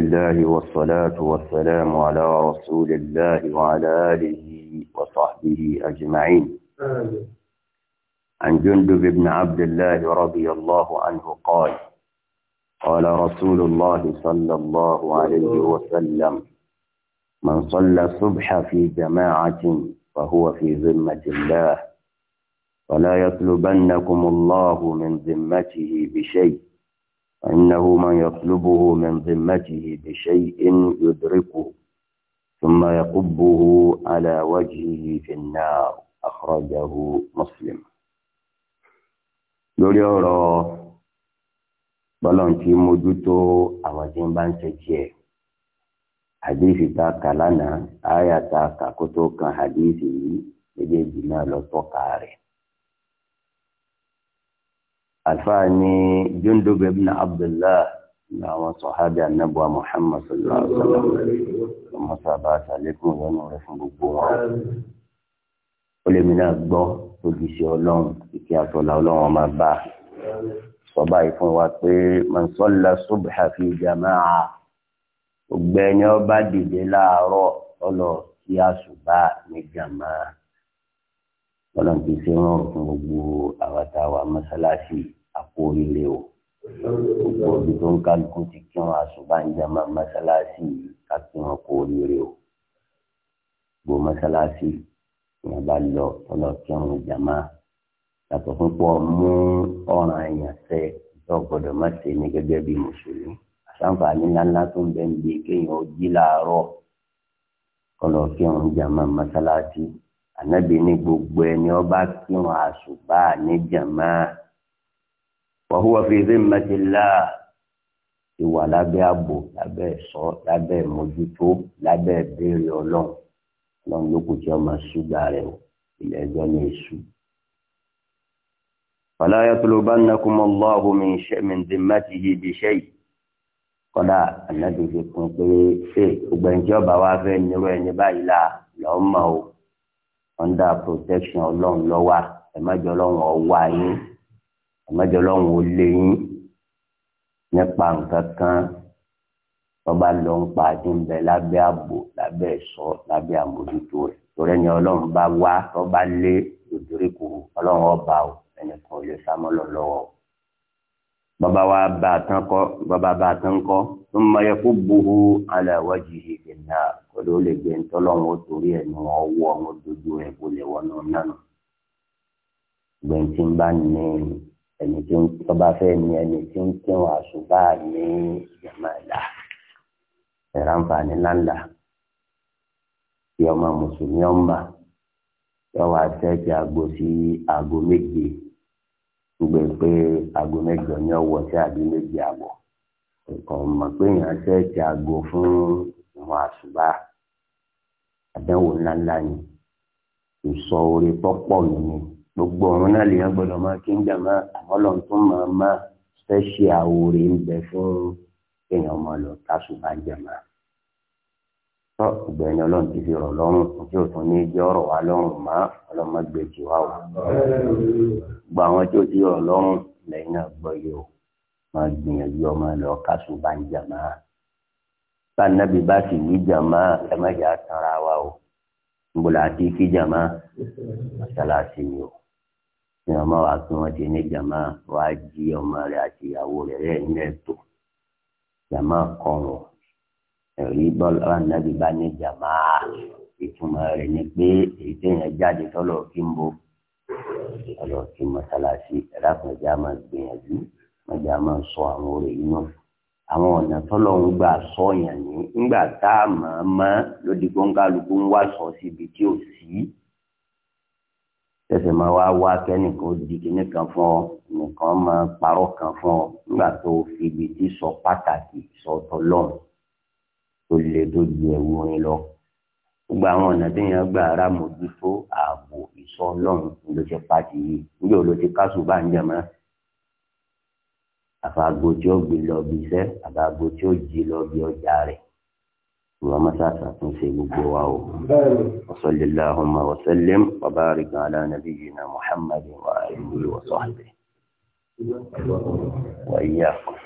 الله والصلاة والسلام على رسول الله وعلى آله وصحبه أجمعين عن جندب بن عبد الله رضي الله عنه قال قال رسول الله صلى الله عليه وسلم من صلى الصبح في جماعة فهو في ذمة الله فلا يطلبنكم الله من ذمته بشيء فإنه من يطلبه من ذمته بشيء يدركه ثم يقبه على وجهه في النار أخرجه مسلم lórí ọ̀rọ̀ bọ́lọ́ǹtì mójútó àwọn tí ń bá ń ṣe tiẹ̀ hadithi tá a kà lánàá àyà tá kà kó kan hadithi yìí méjèèjì náà lọ tọ́ka rẹ̀ àlùfáà ní Jundub ibn Abdullah làwọn sọ̀hábì anábọ̀ Muhammad sallallahu alaihi wa sallam ọmọ sábà sàlékún ìyọnu rẹ̀ fún gbogbo wọn. ó lè mìíràn gbọ́ tóbi ṣe ọlọ́run kìkì àtọ̀là ọlọ́run ọmọ bá a sọ báyìí fún wa pé man salla fi jama'a gbogbo ọba dìde láàárọ̀ ọlọ́ọ̀ kí àṣùbà ní jama'a ọlọ́run ti ṣe rán ọ̀fun gbogbo àwàtà wa mọ́sálásí àpò oríire o gbogbo ibi tó ń kálukú ti kí wọn àṣùbánjàmá mọ́sálásí àti wọn kó oríire o gbogbo mọ́sálásí wọn bá lọ ọlọ́ kí wọn jàmá yàtọ̀ fún pọ̀ mú ọ̀ràn àyànfẹ́ tó gbọdọ̀ má ṣe ní gẹ́gẹ́ bí mùsùlùmí àṣàǹfààní ńláńlá tó ń bẹ́ẹ̀ ń gbé kéèyàn jí láàárọ̀ kọlọ̀ kí wọn jàmá mọ́sálásí ànábì ní gbogbo ẹni ọba kírun àṣùbà níjàmá wa huwa fi zimmatillah ti wà lábẹ́ ààbò lábẹ́ ẹ̀ṣọ́ lábẹ́ ìmójútó lábẹ́ ìbéèrè ọlọ́run ọlọ́run ló kù tí ọmọ ṣúgbà rẹ̀ o ilẹ̀ ẹjọ́ ní èṣù. fala yatlubannakum Allahu min zimmatihi bi shay' kọ́dà ànábì fi kún pé ṣé gbogbo ẹni tí fẹ́ nírú ẹni báyìí la lọ́ọ́ mọ̀ o under protection ọlọ́run lọ́wọ́ ẹ̀mẹ́jọ ọlọ́run ọwọ́ ayé ẹ̀mẹ́jọ ọlọ́run ó lé yín nípa nǹkan kan tọ́ba lọ ń pa àti ń bẹ lábẹ́ ààbò lábẹ́ àmójútó rẹ̀ torí ẹni ọlọ́run bá wá tọ́ba lé òdòrí kùrù ọba o ẹnìkan ò lè sá mọ́ lọ bàbá wa bá a tán kọ́ bàbá bá a tán kọ́ ń mọ ẹkú buhu aláwọ̀ jìhì ìdènà pẹ̀lú ó lè jẹ ntọ́lọ́wọ́ torí ẹ̀ ní wọ́n wọ́ wọn dojú ẹ̀ kó lè wọ́n náà nánu. gbẹ̀ntì ń bá ní ẹni tí ó bá fẹ́ ní ẹni tí ń kírun àṣùbà ní ìjàmbá ẹ̀dá ẹ̀rọ àǹfààní ńláńlá tí ọmọ mùsùlùmí ọmọ yọwọ àtẹ́tí aago méje gbogbo pé aago mẹ́jọ ní ọwọ́ sí aago méje àbọ̀ ọ̀kan mọ̀ pé èèyàn àtẹ́tí aago fún ìwọ̀n àṣùbà àdánwò ńláńlá ni ìsọ orí pọ́pọ̀ nìyẹn gbogbo ọ̀run náà lèèyàn gbọ́dọ̀ máa kí ń gbà máa àwọn lọ́n tún máa máa fẹ́ṣì àwòrè ń bẹ fún èèyàn máa lọ tásù bá ń jẹ̀mà. tọ́ ìgbẹ̀yìn ọlọ́run ti fi rọ̀ lọ́rùn tí ò tún ní jẹ́ ọ̀rọ̀ wa lọ́rùn mọ́ ọlọ́mọgbèjì wa o. gbogbo àwọn tí ó ti rọ̀ lọ́rùn lẹ́yìn náà gbọ́ yìí o máa gbìyànjú ọmọ lọ tásù bá ń tànàbí bá sì wí jàmá ẹ má jà tanra wa o nbola àti kí jàmá mọ́sálásí ni o ní ọmọ wa kí wọ́n ti ní jàmá wàá jí ọmọ rẹ̀ àti ìyàwó rẹ̀ rẹ̀ nílẹ̀ tó jàmá kọrùn ẹ̀rí bọ́lá nàbí bá ní jàmá ìtumọ̀ rẹ̀ ni pé èyí téèyàn jáde tọ́lọ̀ kí n bo tọ́lọ̀ kí mọ́sálásí ẹ̀rá kan já máa gbìyànjú mọ́jà máa sọ àwọn orè yìí àwọn ọ̀nà tọ́lọ̀ ń gbà sọ̀yàn ní ńgbà tá a mọ̀ mọ́ lódì gbọ́ngàlùkù ń wá sọ síbi tí ò sí tẹsẹ̀ máa wá wá kẹ́nìkan di kíní kan fún ọ nìkan máa parọ́ kan fún ọ nígbà tó fi ibi tí sọ pàtàkì sọ tọ́lọ́run tó le tó ju ẹ̀wù orin lọ gbogbo àwọn ọ̀nà téèyàn gbà ara mójútó ààbò ìsọ ọlọ́run ló ti pàtì yìí níbi òun ló ti kásù bá ń jẹ mọ́ àfàgò tí ó gbé lọ bí iṣẹ́ àfàgò tí ó jí lọ bí ọjà rẹ̀ ìwà mọ́sáàsà tún ṣe gbogbo wa o. wasalli allahumma wasallim wa barik ala nabiyyina muhammadin wa alihi wa sahbihi wa iyyakum.